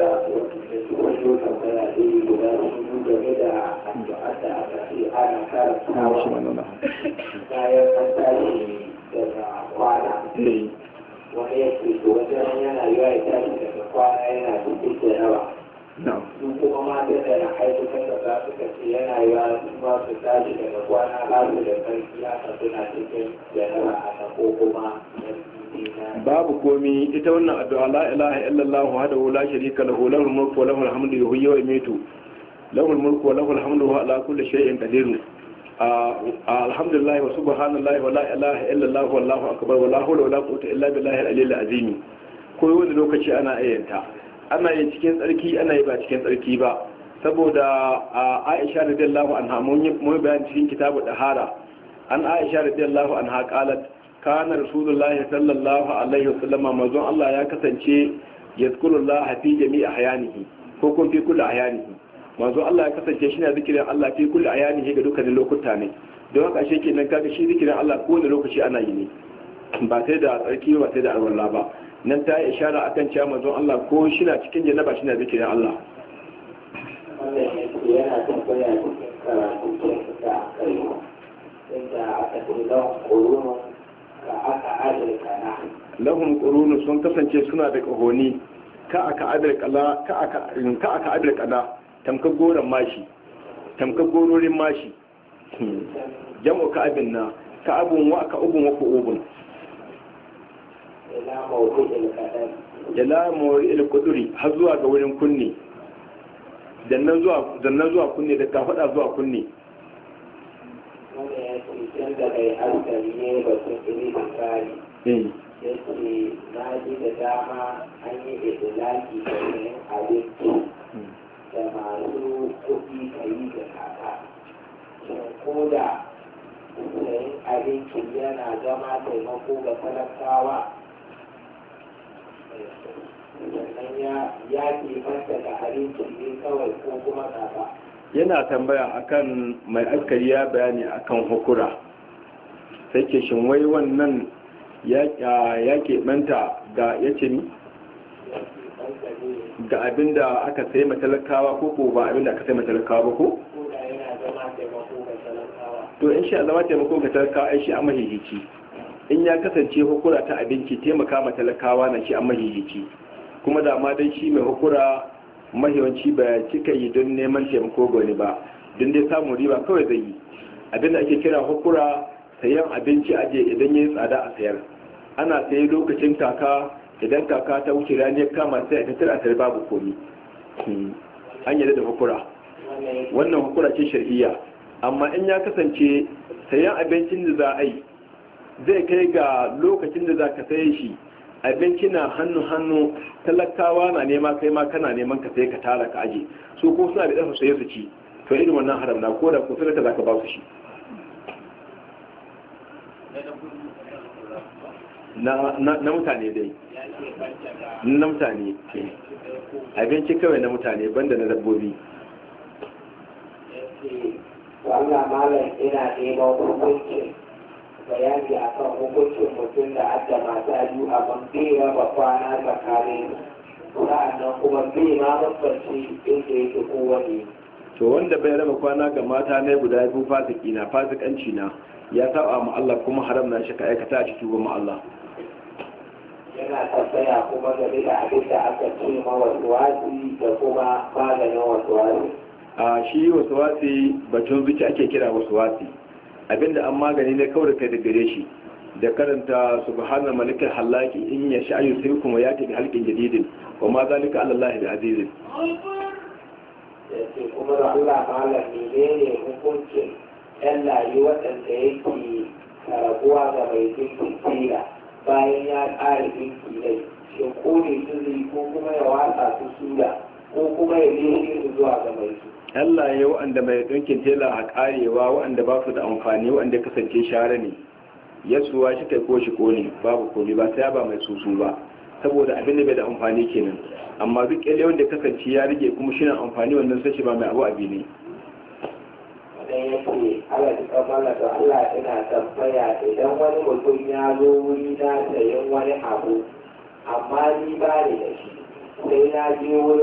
wani ya ce to wajen yana yiwa ya daga kwana yana cikin da yawa su kuma mata da na haifu za su kace yana yiwa su ma su daga kwana ba su da karfi haka suna cikin da yawa a ko kuma babu komi ita wannan addu'a la ilaha illallah wa la sharika lahu lahul mulku wa lahul hamdu yuhyi wa yumiitu lahul mulku wa lahul hamdu wa ala kulli shay'in qadir alhamdulillah wa subhanallah wa la ilaha illallah wallahu akbar wa la hawla wa la quwwata illa billahi al-aliyyil azim ko wani lokaci ana ayyanta ana yi cikin tsarki ana yi ba cikin tsarki ba saboda Aisha radiyallahu anha mun yi bayani cikin kitabu dahara an Aisha radiyallahu anha qalat kana rasulullahi sallallahu alaihi wasallama manzon Allah ya kasance yazkurullah fi jami'i ahyanihi ko kun fi kulli ahyanihi manzon Allah ya kasance shi ne zikirin Allah fi kulli ahyanihi ga dukkanin lokuta ne don haka shi kenan kaga shi zikirin Allah ko kowane lokaci ana yi ne ba sai da tsarki ba sai da alwala ba nan ta yi ishara akan cewa manzon Allah ko shi na cikin jannaba shi na zikirin Allah yana tambaya da karatu da aka yi inda aka tsira ƙoruwa lahum qurunu sun kasance suna da kahoni ka aka adar ka aka ka aka tamka goran mashi tamka gororin mashi jam'u ka abin na ka abun wa ka ubun wa ku ubun ila mawri'il quduri har zuwa ga wurin kunni dannan zuwa dannan zuwa kunni da ka fada zuwa kunni wanda ya ce da kai hankali ne ba su iri da tsari yake na ji da dama an yi idilaki da yin abinci da masu kuɗi ka yi da kaka ko da sayin abincin yana zama taimako ga talakawa sannan ya ke manta da abincin ne kawai ko kuma kaka yana tambaya akan mai askari ya bayani akan hukura sai ke shin wai wannan ya keɓanta ga ya ce ni ga abin da aka sai matalakawa ko ko ba abin da aka sai matalakawa ba ko? to in shi a zama taimako ga talakawa ai shi a mahihici in ya kasance hukura ta abinci taimaka matalakawa na shi a mahihici kuma da ma dai shi mai hukura mahiwanci ba cika yi don neman taimako ga wani ba don dai samun riba kawai zai yi abinda ake kira hukura sayan abinci aje idan ya yi tsada a sayar ana sayi lokacin kaka idan kaka ta wuce rani ya kama sai a tattara ta babu komi hmm. an yi da hukura wannan hukura ce shari'a amma in ya kasance sayan abincin da za a yi zai kai ga lokacin da za ka saye shi abinci na hannu-hannu talakawa na nema kai ma kana neman ka sai ka tara ka aje su ko suna da dafa sai su ci to irin wannan haram na ko da ko sai ka za ka ba su shi na mutane dai na mutane eh. abinci kawai na mutane banda na dabbobi wannan malam ina neman hukuncin bayani a kan hukuncin mutum da adda mata biyu a ban bai raba kwana tsakanin sa'annan kuma bai ma mafarci inda yake kowane to wanda bai raba kwana ga mata ne guda biyu fasiki na fasikanci na ya saba mu Allah kuma haram na shi ka aikata a cikin mu Allah yana tambaya kuma game da abin da aka ce ma wasuwasi da kuma maganin wasuwasi a shi wasuwasi batun zuci ake kira wasuwasi abinda an magani ne kawai kai da gare shi da karanta subhanal malikal halaki in ya sha'ayu sai kuma ya tafi halkin jadidin wa ma zalika alallahi da azizin kuma da Allah malam ne hukuncin yan yi waɗanda yake karabuwa ga mai jinkin tsira bayan ya ƙare ɗinki ne ya kone su zai ko kuma ya watsa su suya ko kuma ya je su zuwa ga mai su. Allah ya wa'anda mai ɗinkin tela a ƙarewa wa'anda ba su da amfani wa'anda kasance share ne ya suwa shi kai ko shi kone babu komi ba sai ba mai susu ba saboda abin da bai da amfani kenan amma duk ƙyalle wanda kasance ya rike kuma shi na amfani wannan sashi ba mai abu abi ne. nan yake ala ji kamala da Allah ina tambaya idan wani mutum ya zo wuri na sayan wani abu amma ni ba da shi sai na je wuri